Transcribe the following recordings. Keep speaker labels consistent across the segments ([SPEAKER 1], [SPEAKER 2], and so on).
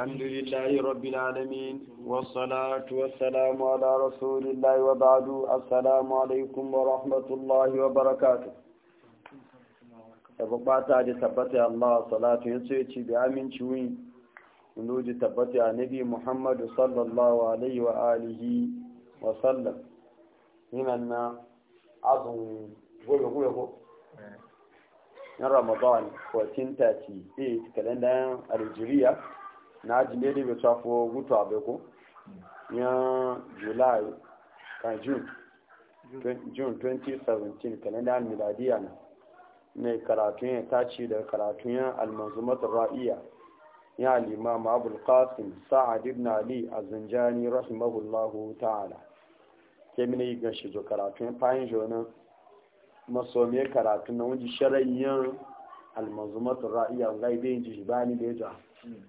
[SPEAKER 1] الحمد لله رب العالمين والصلاة والسلام على رسول الله وبعد السلام عليكم ورحمة الله وبركاته da tabbata Allah yace yace bi Ramadan na jinde da bai tafo gutu a bai ko ya july ka june june 2017 kalendar miladiya na ne karatun ya tace da karatun ya almanzumat ra'iya ya limam abul qasim sa'ad ibn ali az-zanjani rahimahullahu ta'ala ke mini ga shi zo karatun fayin jona masomi karatun na wani sharayyan almanzumat ra'iya ga ibe yin ji bani da ya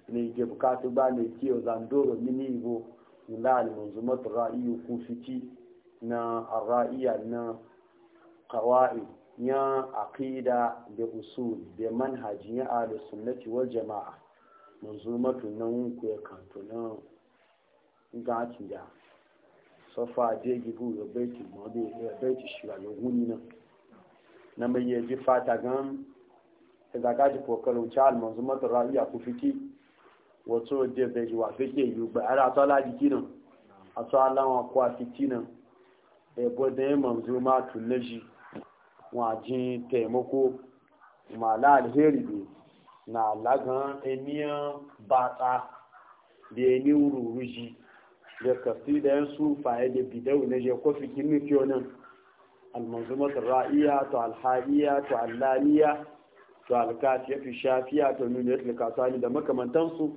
[SPEAKER 1] ne ke bukatu ba ne kiyo zandoro mini igbo ila ra'iyu ku fiti na ra'iya na kawai ya akida da usul da manhajin ya ahlu sunnati wal jama'a manzumatu nan ku ya kanto nan ga da sofa je gibu ya baiti bai ya baiti shiga ya guni nan na mai yaji fata gan da ga ra'iya ku fiti wato je bai ji wafe ke yi ba ara ta laji kinan a ta alawa kwa e bo da mo manzo ma ji te mo taimako ma la alheri ne na lagan emiyan batsa da ya ni wururu ji da kasi da yan de ya da bidau na je kofi ona al nan almanzumatar ra'iya to alha'iya to allaliya to alkafiya fi shafiya to nuna yadda ni da makamantansu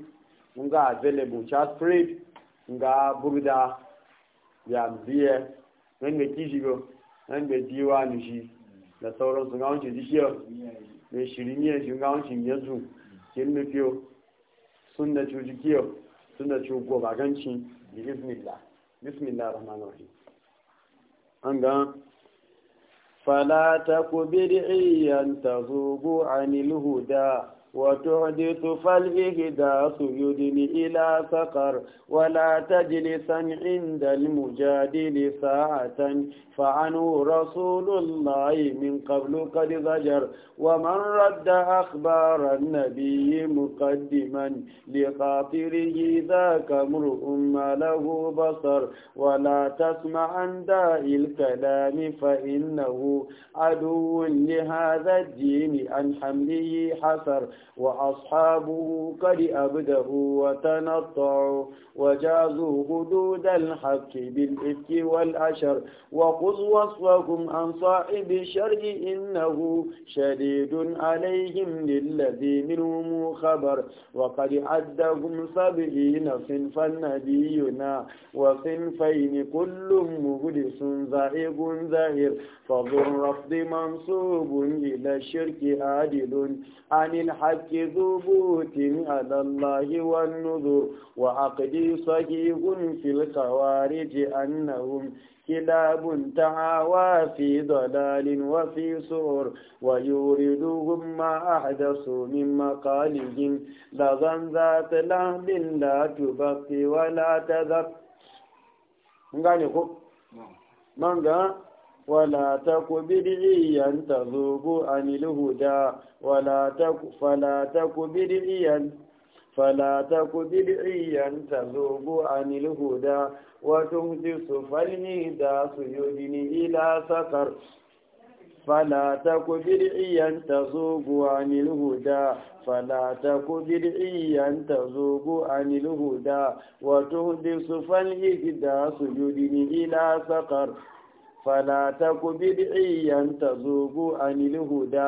[SPEAKER 1] nga available chat spread nga burda ya biye nan ga kishi go nan ga diwa ni shi da sauran su ga wanci dikiyo ne shiriniyar shi ga wanci yanzu kin ne fiyo sun da cuji kiyo sun da cu go baganci bismillah bismillah rahman rahim an ga fala taku bid'iyan tazugu anil huda وتحدث فالإهداث يدني إلى سقر ولا تجلسا عند المجادل ساعة فعنوا رسول الله من قبل قد زجر ومن رد أخبار النبي مقدما لخاطره ذاك امرؤ ما له بصر ولا تسمع عن داء الكلام فإنه عدو لهذا الدين عن حمله حسر وأصحابه قد أبدوا وتنطعوا وجازوا حدود الحق بالإفك والأشر وخذ وصفهم عن صاحب الشر إنه شديد عليهم للذي منهم خبر وقد عدهم سبعين صنفا نبينا وصنفين كل مبلس زائغ زاهر فضل رفض منصوب إلى الشرك عادل عن الحق بالحق ذو بوت على الله والنذر وعقدي صحيح في الخوارج أنهم كلاب تعاوى في ضلال وفي سور ويوردهم ما أحدثوا من مقالهم لغا ذات لهب لا تبقي ولا تذر ngane ko manga ولا تك بدعيا تذوب عن الهدى ولا تك فلا تك بدعيا فلا تك بدعيا تذوب عن الهدى وتمسس فالندى سيدني إلى سكر فلا تك بدعيا تذوب عن الهدى فلا تك بدعيا تذوب عن الهدى وتهدس فالإهدى سجدني إلى سقر Fana ta ku bi iri zobo a nini huda.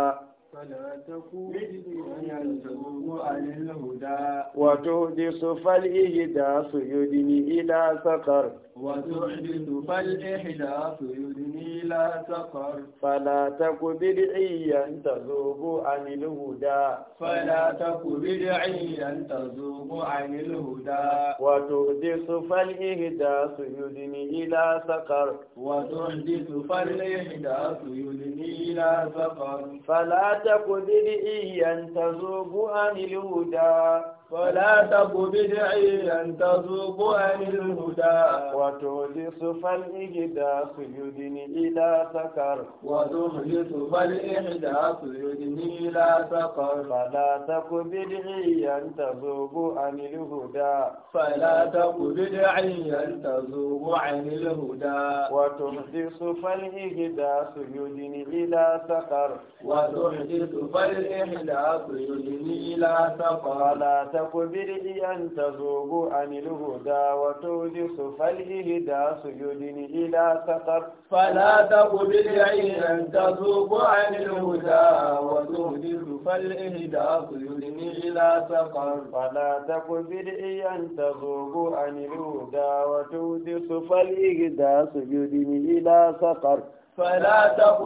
[SPEAKER 1] وتحدث فالإهداث يدني إلى سقر وتحدث فالإحداث يدني إلى سقر فلا تك بدعيا تذوب عن الهدى فلا تك بدعيا تذوب عن الهدى وتحدث فالإهداث يدني إلى سقر وتحدث فالإحداث يدني إلى سقر فلا تك بدعيا تزوب عن الهدى فلا تك بدعيا تذوب عن الهدى وتهلس فالإحدى يدني إلى سكر وتهلس فالإحدى يدني إلى سكر فلا تك بدعيا تذوب عن الهدى فلا تك بدعيا تذوب عن الهدى وتحدث فالإحدى يدني إلى سكر وتحدث فالإحدى يدني إلى سكر فلا تك تك برئي أن تذوب عن الهدى وتوجس فالإهدى سجد إلى سقر فلا تك برئي أن تذوب عن الهدى وتوجس فالإهدى سجد إلى سقر فلا تك برئي أن تذوب عن الهدى وتوجس فالإهدى سجد إلى سقر فلا تك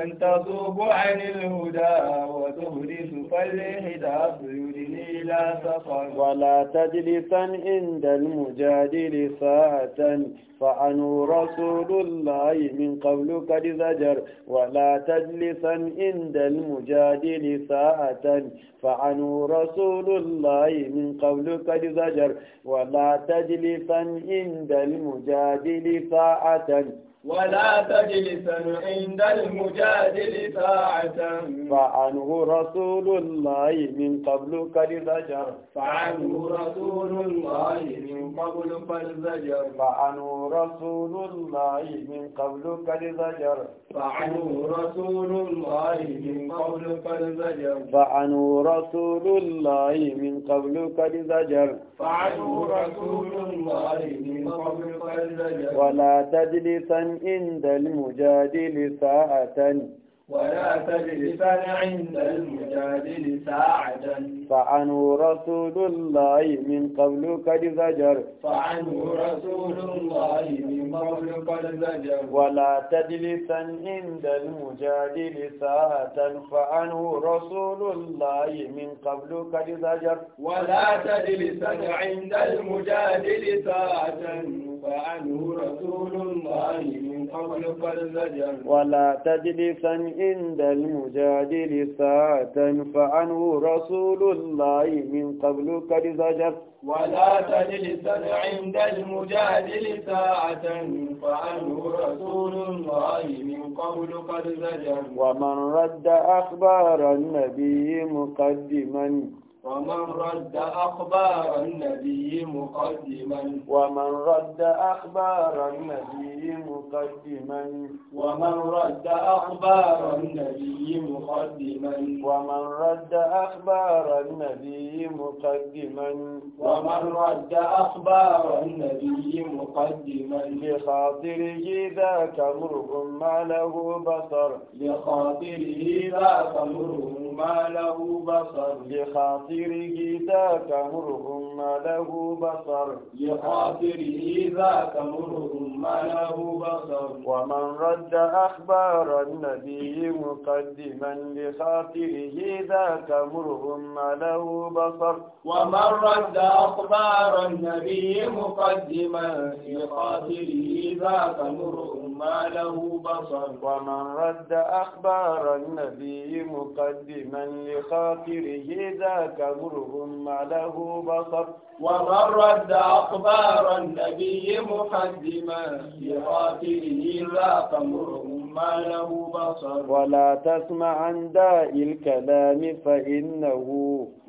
[SPEAKER 1] أن تذوب عن الهدى وتهرس فالحدى فيدني لا سفر ولا تجلسا عند المجادل ساعة فعن رسول الله من قولك لزجر ولا تجلسا عند المجادل ساعة فعن رسول الله من قولك لزجر ولا تجلسا عند المجادل ساعة ولا تجلسا عند المجادل ساعة فعنه رسول الله من قبل قد زجر فعنه رسول الله من قبل قد زجر فعنه رسول الله من قبل قد زجر فعنه رسول الله من قبل قد زجر فعنه رسول الله من قبل قد زجر فعنه رسول الله من قبل قد زجر ولا تجلسا عند المجادل ساعة ولا تجلسن عند المجادل ساعدا فعنه رسول الله من قبل قد زجر فعنه رسول الله من قبل قد زجر ولا تجلس عند المجادل ساعة فعنه رسول الله من قبل قد زجر ولا تجلس عند المجادل ساعة فعنه رسول الله من قبل قد زجر ولا تجلس عند المجادل ساعة فعنه رسول الله من قبل قد زجر ولا تجلس عند المجادل ساعة فعنه رسول الله من قبل قد زجر ومن رد أخبار النبي مقدما ومن رد أخبار النبي مقدما ومن رد أخبار النبي مقدما ومن رد أخبار النبي مقدما ومن رد أخبار النبي مقدما ومن رد أخبار النبي مقدما لخاطره ذاك مرء ما له بصر لخاطره ذاك مرء ما له بصر لخاطره خاطره ذاك مرهم ما له بصر لخاطره ذاك مرهم ما له بصر ومن رد أخبار النبي مقدما لخاطره ذاك مرهم ما له بصر ومن رد أخبار النبي مقدما لخاطره ذاك مرهم ما له بصر ومن رد أخبار النبي مقدما لخاطره ذاك كمرهم معله بصر ومرد أخبار النبي محزما في ذاق لا ما معله بصر ولا تسمع عن داء الكلام فإنه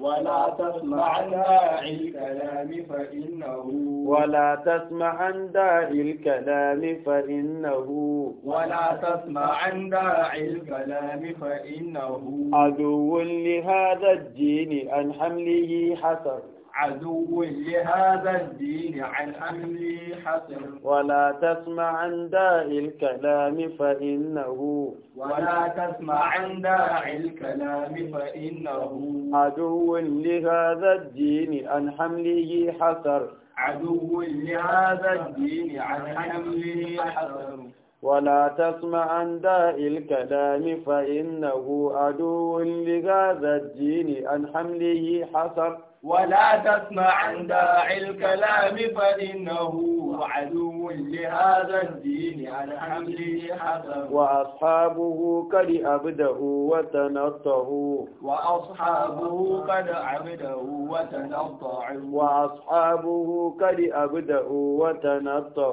[SPEAKER 1] ولا تسمع عن داعي الكلام فإنه ولا تسمع عن داعي الكلام فإنه ولا تسمع عن داعي الكلام فإنه عدو لهذا الدين أن حمله حسر عدو لهذا الدين عن أمري حصر ولا تسمع عن داعي الكلام فإنه ولا تسمع عن داعي الكلام فإنه عدو لهذا الدين عن حمله حصر عدو لهذا الدين عن حمله حصر ولا تسمع عن داء الكلام فإنه عدو لهذا الدين عن حمله حصر ولا تسمع عن داعي الكلام فإنه عدو لهذا الدين عن حمله حسن وأصحابه قد أبده وتنطه وأصحابه قد عبده وتنطع وأصحابه قد أبده وتنطع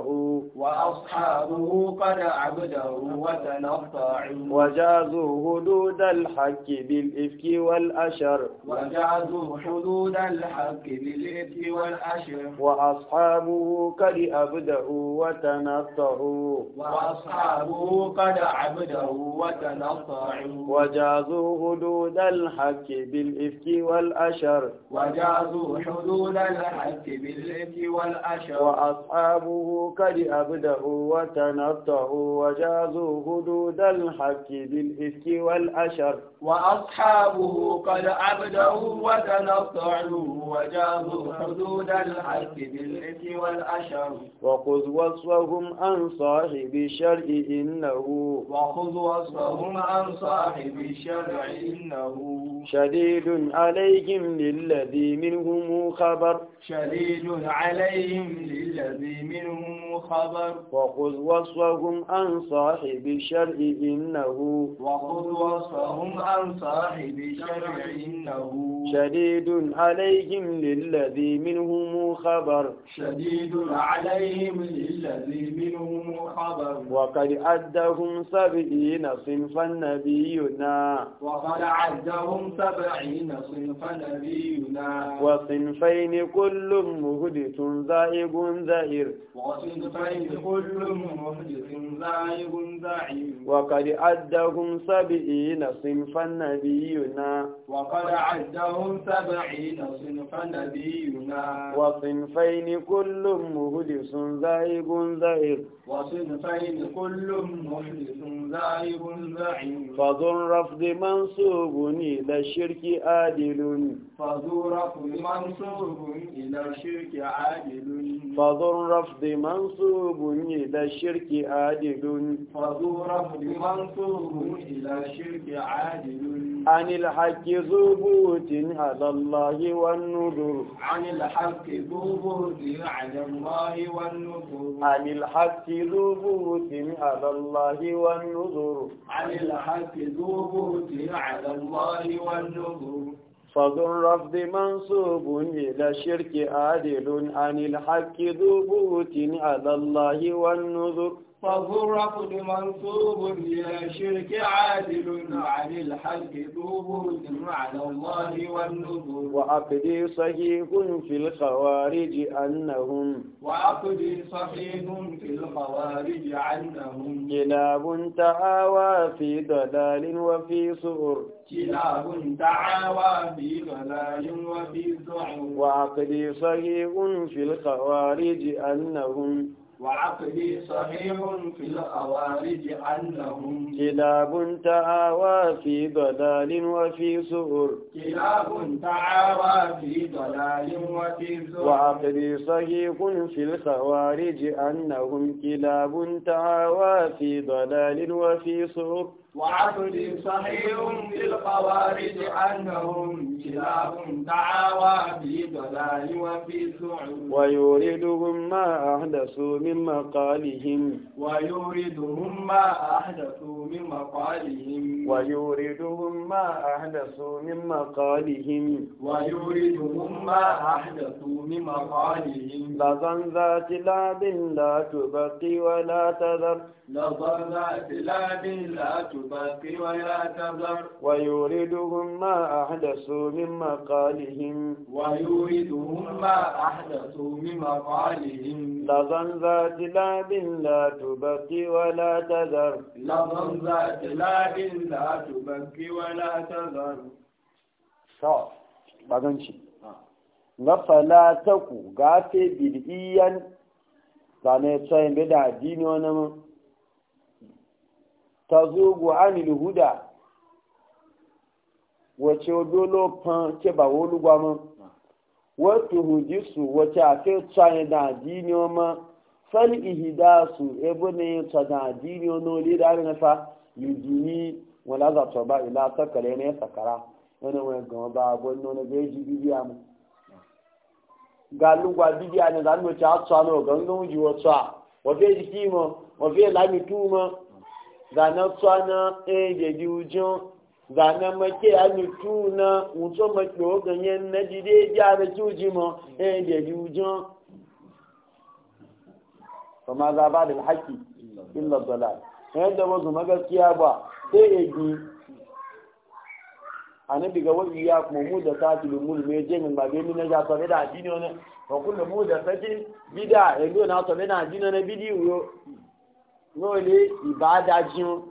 [SPEAKER 1] وأصحابه قد عبده وتنطع وجازوا حدود الحق بالإفك والأشر وجازوا حدود الحق للإبت والعشر وأصحابه قد أبدعوا وتنطعوا وأصحابه قد عبدوا وتنطعوا وجازوا حدود الحق بالإفك والأشر وجازوا حدود الحق بالإفك والأشر وأصحابه قد أبدعوا وتنطعوا وجازوا حدود الحق بالإفك والأشر وأصحابه قد أبدعوا وتنطعوا وجاهوا حدود الحق بالإثم والأشر وخذ وصفهم عن صاحب الشرع إنه وخذ وصفهم عن صاحب الشرع إنه شديد عليهم للذي منهم خبر شديد عليهم للذي منهم خبر وخذ وصفهم عن صاحب الشرع إنه وخذ وصفهم عن صاحب الشرع إنه شديد عليهم للذي منهم خبر شديد عليهم للذي منهم خبر وقد عدهم سبعين صنفا نبينا وقد عدهم سبعين صنفا نبينا وصنفين كل مهدث زائب زائر وصنفين كل مهدث زائب زائر وقد عدهم سبعين صنفا نبينا وقد عدهم سبعين نبينا وصنفين كل مهلس زائب زائر وصنفين كل مهلس زائب زائب فضل رفض منصوب إلى الشرك آدل فذو رفض منصوب إلى الشرك عادل فذو رفض منصوب إلى شرك عادل فذو رفض منصوب إلى شرك عادل عن الحق ثبوت على الله والنذر عن الحق ثبوت على الله والنذر عن الحق ثبوت على الله والنذر عن الحق ثبوت على الله والنذر صدر رفض منصوب إلى الشرك عادل عن الحق ذبوت على الله والنذر فالظر قد منصوب للشرك عادل عن الحق ثبوت على الله والنذور وعقدي صحيح في الخوارج أنهم وعقدي صحيح في الخوارج أنهم كلاب تعاوى في ضلال وفي سور كلاب تعاوى في ضلال وفي سور وعقدي صحيح في الخوارج أنهم وعقلي صحيح في الخوارج أنهم كلاب تعاوى في ضلال وفي سؤر كلاب تعاوى في ضلال وفي سؤر وعقلي صحيح في الخوارج أنهم كلاب تعاوى في ضلال وفي سؤر وعبد صحيح في للخوارج عنهم كلاب تعاوى في ضلال وفي سعود ويوردهم ما أحدثوا من مقالهم ويوردهم ما أحدثوا من مقالهم ويوردهم ما أحدثوا من مقالهم ويوردهم ما أحدثوا من مقالهم لظن ذات لعب لا تبقي ولا تذر لظن ذات لعب لا تبقي البث ويعتبر ويوردهم ما أحدثوا من مقالهم ويوردهم ما أحدثوا من مقالهم لظن ذات لاب لا تبقي ولا تذر لظن ذات لاب لا تبقي ولا تذر شعر بغنشي na falataku gafe bil'iyan zane tsayin da addini wani mun tazugu anil huda wace odolo pan ke ba wolugwa mo wato hujisu wace afe tsaye da adini ọma fali su ebe ne ta da adini ọna ole da ari fa yujini wala za ta ba ila sakare ne sakara wani wani gama ba abuwan nuna ga eji bibiya mu ga lugwa bibiya ne za mu ci a tsaye na ogangan ji wata wafe jiki mo wafe tu mu. zana tsana ɗaya e, da biyu zane make alitu na wuto make oganye na dide gyara kyuji e, ma eh da yujan Kama za ba da haƙi illa dalal yadda e, wasu magaskiya ba sai egi annabi ga wani ya kuma mu da tatil mul me je min ba gemi na ja to da adini ne fa kullu mu da tatil bida ego na to da adini ne bidi yo nole ibada jin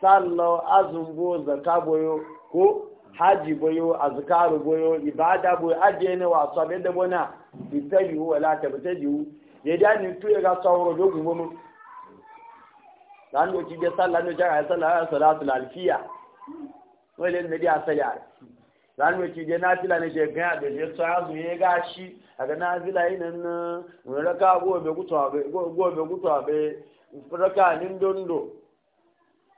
[SPEAKER 1] sallo azumbo zaka boyo ko haji boyo azkaru boyo ibada boyo aje ne wa sabe da bona bitabi huwa la tabtaji ya da ni tuye ga sauro dogu gomo dan do ki ga sallah no jaga sallah salatul alfiya nole ne dia sallah zan wace je nafila ne je gaya da je ta zu ye gashi aga nafila yi nan na raka gobe gutuwa be gobe gutuwa be raka nin dondo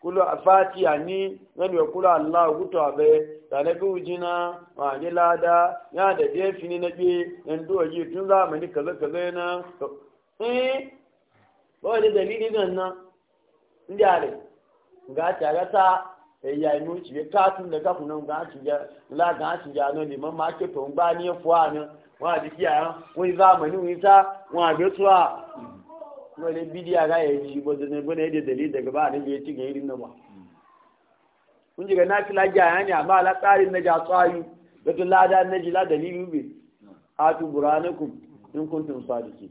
[SPEAKER 1] kulo afatiya ni nan we kulo allah gutuwa be da na bi ujina wa ni lada ya da je fini na bi nan do yi tun zamani kaza kaza na eh ba da dalili nan na ndare ga ta ga ta ẹ̀yà inú ìṣìwé káàtún lẹ́ka fún náà gán àtúnjà ńlá gán àtúnjà náà da mọ́ máa ké tó ń gbá ní ẹ̀fọ́ àná wọn àti kí àrán wọn ìfẹ́ àmọ́ ní wíńsá wọn àgbẹ̀ tó à wọn lè bí díà ráyè yìí gbọdọ̀ ní gbọdọ̀ èdè tẹ̀lé ìdẹ̀gbẹ́ àná bí etí gẹ̀ẹ́rì náà wà. kun na kila ji a amma ala tsarin na jatsayu da tun lada na jila da bi a tubura na in sadiki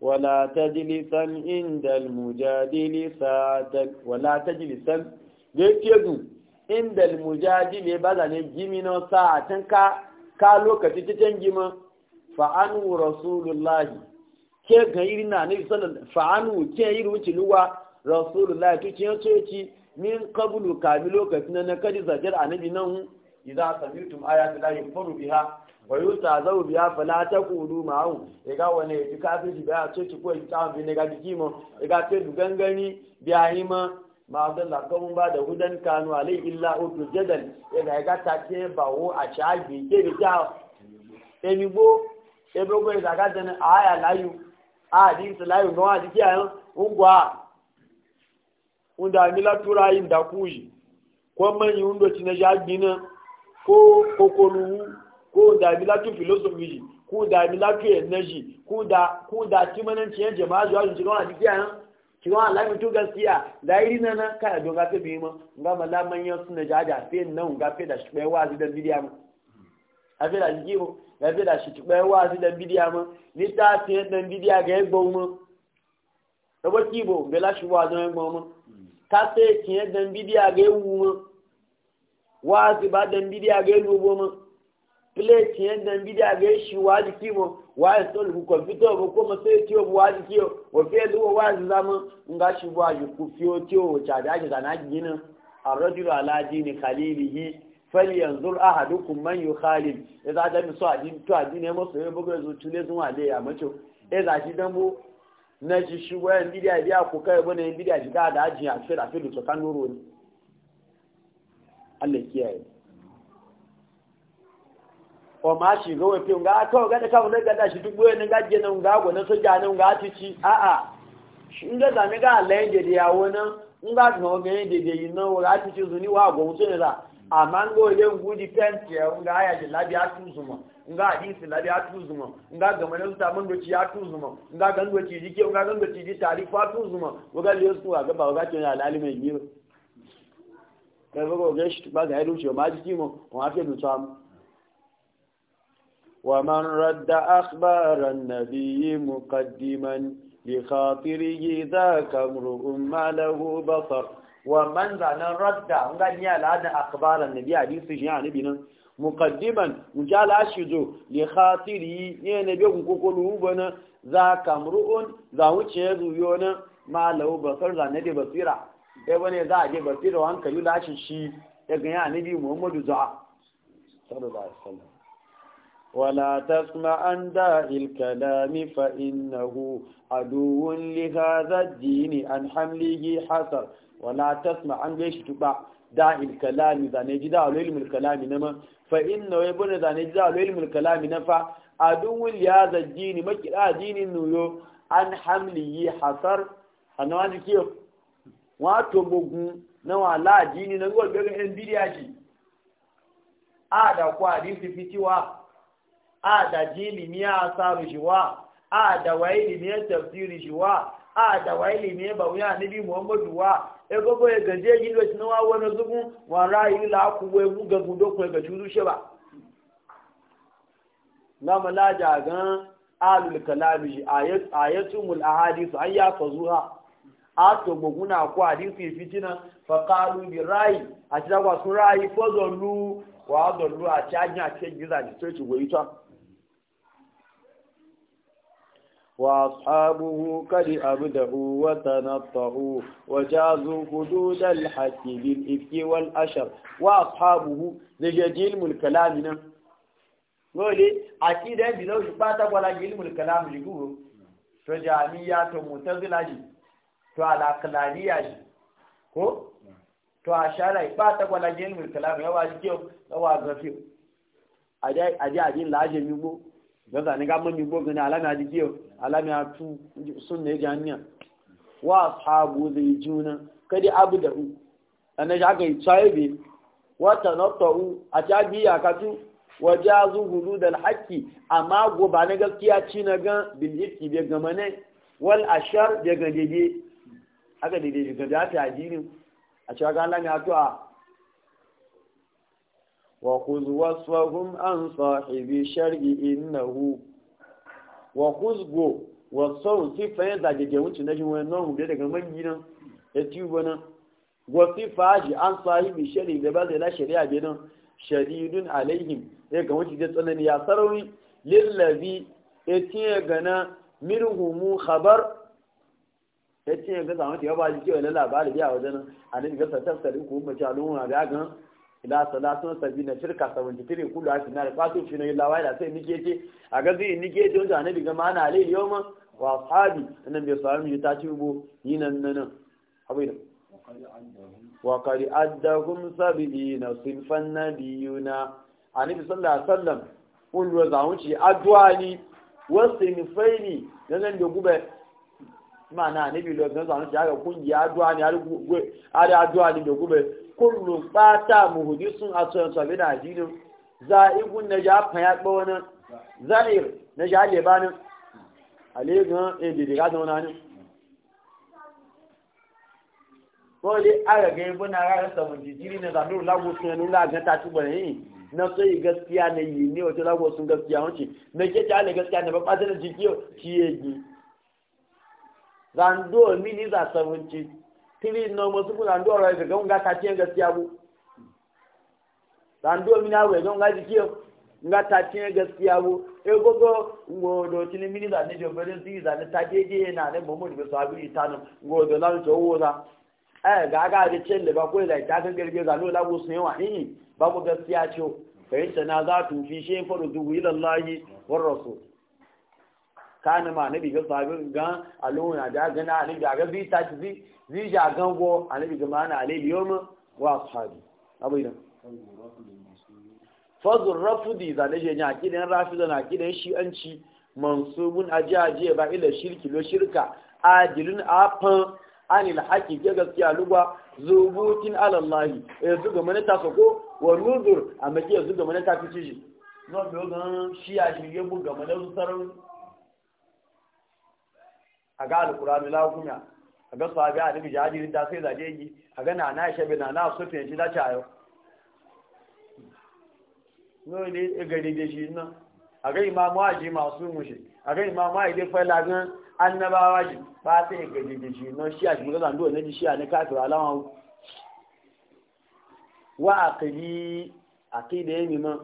[SPEAKER 1] ولا تجلسا عند المجادل ساعتك ولا تجلسا يكيدو عند المجادل بذا نجمنا ساعة كا كا لوكتي تتنجم فعنو رسول الله ke ga irin na nabi sallallahu fa'anu ke irin wuce luwa rasulullah to ce ce min qablu kami lokacin na kadi zajar annabi nan idza wayo ta zau biya fala ta kudu ma'au iga e wane ji kafin shi biya ce ci ko ji ta bi ne ga jiki mu iga e ce du gangani biya yi ma ma da lakon ba da hudan kanu alai illa utu jadal iga e iga ta ke, ba wo a shagi ke bi ta enibo ebogo iga ga dan aya layu a din su layu no a jiki ayan ungwa unda mila tura yin da kuyi ko man yi undo ci na jagi na ko kokolu ko da milatu philosophy ko da milatu energy ko da ko da timananci yan jama'a zuwa jin wani dikiya nan kiwa Allah mi to gaskiya zairi nan ka do ga fe bima ga malaman yan suna jaja fe nan ga fe da shi bai wazi da bidiya mu a fe da jibo ga fe da shi bai wazi da bidiya mu ni ta fe da bidiya ga egbo mu da ba kibo bela shi wazi da egbo mu ka fe kiyen ga ewu mu wazi ba da ile ciyen da bi da ga shi waji kimo wa sol ku ko fito ko kuma sai tiyo waji kiyo wa fi duwa waji zama nga shi ba ji ku fiyo tiyo cha da ji da na gina arrajulu ala dini khalilihi falyanzur ahadukum man yukhalil idza da mi so adin to adin ne mo so e bugo zo tule zo wa le ya ma cho e za shi dan bu na ji shi wa bi da bi aku kai bu ne bi da ji da da ji a fi da fi du to kan nuru ni Allah kiyaye wa ma shi ga wafi ga kawo gada kawo na da shi duk wani je nan ga so soja nan ga ci, a a shi ga zane ga alayin da ya wani in ga ga yin ganin da yi na wa cici su ni wa gwamnati ne za amma ga wani gudi fenti ya ga haya da labiya tuzuma in ga hadisi labiya tuzuma in ga ta na zuta ci ya tuzuma in ga ji ke in ga ci ji tarifa tuzuma go ga liyo su wa gaba ga ce na alalimin biyu kai ba ga shi ba ga e shi rushe ma jiki mu wa ake dutsa mu ومن رد أخبار النبي مقدما لخاطره ذاك امرؤ ما له بصر ومن ذن رد قال يا لعد أخبار النبي حديث يعني بنا مقدما مجال أشجو لخاطره يعني نبي كقولوا بنا ذاك امرؤ ذا وجهه يونا ما له بصر ذا نبي بصيرة إيه بني ذا نبي بصيرة وأنك يلاش الشيء يا نبي محمد ذا صلى الله عليه وسلم ولا تسمع عن داء الكلام فإنه عدو لهذا الدين عن حمله حسر ولا تسمع عن ليش تبع داء الكلام إذا نجد علم الكلام نما فإنه يبون إذا نجد علم الكلام نفع عدو لهذا الدين ما كلا دين النيو عن حمله حسر أنا ما كيف wato bugu na wala jini na gwal gaga yan bidiya shi kwa hadisi fitiwa a da jilimi ya asaru jiwa a da waye limi ya tafsiri jiwa a da waye limi ya bawu ya nabi muhammadu wa e gogo ya e gaje yi lo tin wa wona zugun wa rayi la ku we mu ga gudo ko e ga juzu sheba na malaja gan alul kalami ayat ayatumul ahadith an ya fazuha ato gboguna ko hadisi e fitina fa qalu bi rayi ati da wa sun rayi fozolu wa dolu ati a ati giza ni to ti wo ito وأصحابه قد أبدعوا وتنطعوا وجازوا حدود الحق بالإفك والأشر وأصحابه لجديل الكلام قولي أكيد أنت لو شبات ولا جيل الكلام لقوه فجامية متزلة فعلى قلانية هو to a shara ba ta kwala jin mulkalam yawa jiyo yawa zafiyo a ji a jin lajin yugo gaza ni ga mami gbogbo ni alami adigiyo alami tu sun ne ga niya wa ashabu zai juna kadi abu da u ana ja ga tsaibe wa tanattu a ta biya ka tu wa jazu hudud al haqqi amma goba na gaskiya ci na ga bil yiki be ga mane wal ashar be ga dede aka dede ga da ta ajini a cewa ga alami atu a وخذ وصفهم عن صاحب الشرع إنه وخذ go wasu sifa ya zagage wuce na jin wani nan daga manginan ya tuba nan wasu faji an sahibi shari da ba zai la shari'a bi nan shadidun alaihim ya ga wuce da tsanani ya sarauni lillazi ya tiye gana mirhumu khabar ya tiye ga zama ta yaba ji kewa na labari biya wajen nan a nan ga sattar kuma mace al'umma da gan ila salatun sabina shirka 73 kullu a sinar fatu shi ne lawai da sai nike ce a ga zai nike ce wanda annabi ga mana alai yoma wa ashabi annan bai samu ya ta ci bo nan nan hawaii wa qad addahum sabina sinfan nabiyuna annabi sallallahu alaihi wasallam kullu zawuci addu'a ni wasu nan da gube mana nabi lokacin zanu shi haka kungiya addu'a ne har addu'a ne da gube kullum bata muhudisun a tsoyon sabi da addinin za'igun na ja faya wani za'ir na ja lebanin alegan edidiga da wani kọ́lé arẹ̀gẹ́ ibó na ara sọ̀rọ̀ jìjìrì na zanúrù lágbóṣun ẹnu láàgán tàbí bọ̀ yìí na sọ yìí gaskiya na yìí ní ọjọ́ lágbóṣun gaskiya wọn ce na jẹ́jẹ́ alẹ́ gaskiya na bá pàtàkì jìjì zando e mini za sabunci tiri na masu ku zando a ga nga ta gaskiya bu zando ga nga bu e mini jo bare zi za ne ta jeje na ne momo ni so abi tanu ngo do na jo wo eh ga ga de cin da ba ko ga no la bu wa ni ba ko gaskiya ce fa za tu fi war rasul kana ma nabi ga sabin ga aluna da gana ni ga ga bi ta ci zi ja go anabi ga mana alil yawm wa ashabi abidan fazur rafudi za da jenya kidan rafida na kidan shi'anci mansubun ajaje ba ila shirki lo shirka ajilun afan anil haqi ga gaskiya lugwa zubutin ala allah e zuga mana ta sako wa nudur amma ke zuga mana ta fice shi no bi ga shi ajiye bu ya buga mana sarar a ga alkurani lagunya a ga sahabi a nabi jajirin da sai zaje yi a ga na na shabe na na sufin shi da cayo no ne gari da shi nan a ga imamu aji masu mushi a ga imamu aji fa lagan annabawa ji ba sai gari da shi nan shi a shi ga ndo ne shi a ne kafir alama wa aqli aqida yemi man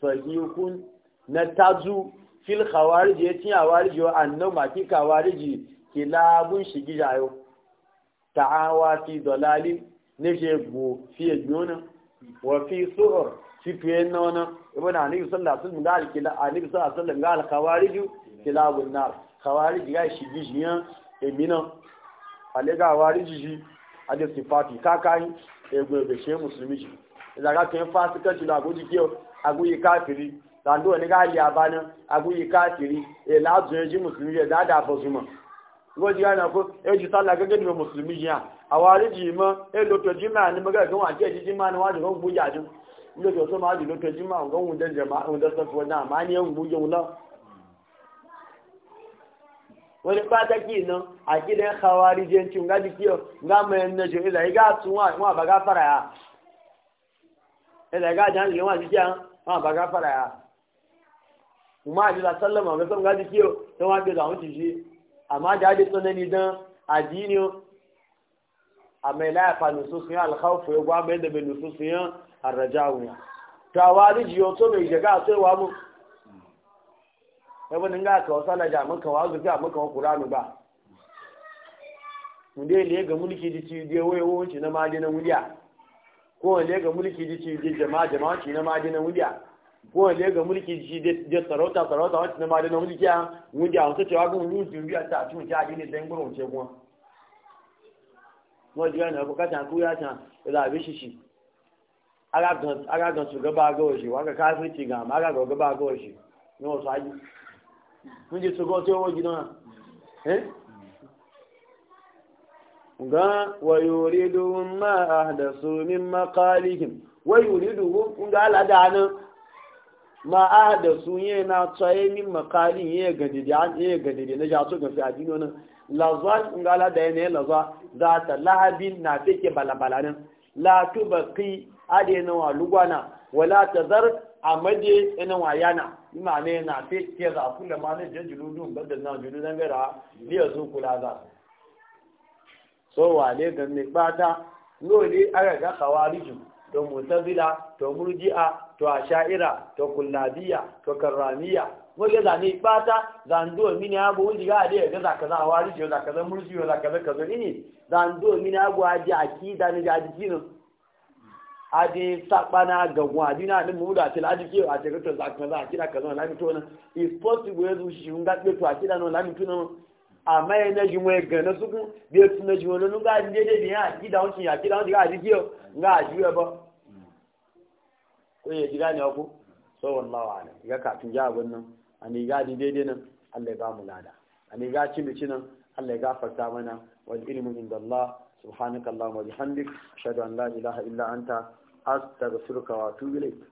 [SPEAKER 1] sahihun na tazu fil khawarij yatin awarij wa annau ma ki khawarij kilabun shigi jayo ta'awa fi dalali ne je go fi yona wa fi fi tuyenna kila emina ale ti lagoji ki o aguyi kafiri sandu ne ga ali abana aguyi kafiri e lazo ji muslimi da da goji yana ko e ji sallah ga gani musulmi ya awari e ji ma e loto jima ni maga ga wa ke jima ni wa ji gon buja ji loto so ma ji loto da jama'a wun na ma ni yan buja wala wani a gidan hawari jenci nga e e fara ya amma da hadi tsanani don adini a mai laifa nususun alkhawfu ya gwa mai da mai nususun yan wuya. to a riji jiyo to mai shiga a wa mu Ya bani ka wasa na jamin ka wazu a maka wa qur'anu ba wunde ne ga mulki ji ci je waye wonci na madina wuliya ko wunde ga mulki ji ci je jama'a jama'a ci na madina wuliya ko ne ga mulki shi da sarauta sarauta wacce na madana mulki a wunde a wasu cewa gun rufi biya ta a cikin jihadi ne don gurin ce kuma na jẹ́ ọ̀nà bukata kú yá aka ìlàbí ṣíṣì arágan ṣùgbọ́n bá gọ́ òṣì wọ́n kàkà fún ti gàm ga bá gọ́ òṣì makalihim ma a da su yi na tsaye min makalin yi an yi gadidi na jaso gafi a dino nan lazwa ngala da yanayi lazuwa za ta lahabi na fike balabala nan la tubaki ade na wa lugwana wala ta zar a maje ina wa yana ima ne na fike za kula ma na jajulu dun da na julu dan gara liya zo kula za so wa ne ganne bata no ne aga ga khawarijin to mutazila to murji'a to asha'ira to kullabiya to karramiya wanda zane fata zando ya abu wanda ga da ga zaka za wari je zaka za murji wa zaka za kaza ini zando ya abu aji akida ne aji kino aji sabana ga gwadi din mu da til aji ke a tega to zaka za akida kaza na mi to na is possible yanzu shi un ga to akida no na mi to na amma yana ji mai gana su ku bai tuna ji wani nuga ne da ne ya da wancan ya ki da wancan ga aji ke ga aji ba ko ya ji gane ku so wallahu ala ga kafin ya a nan a ni di daidai nan Allah ya ba mu lada ani ga ci nan Allah ya gafarta mana wal ilmu inda Allah subhanakallahumma wa bihamdik ashhadu an la ilaha illa anta astaghfiruka wa atubu ilayk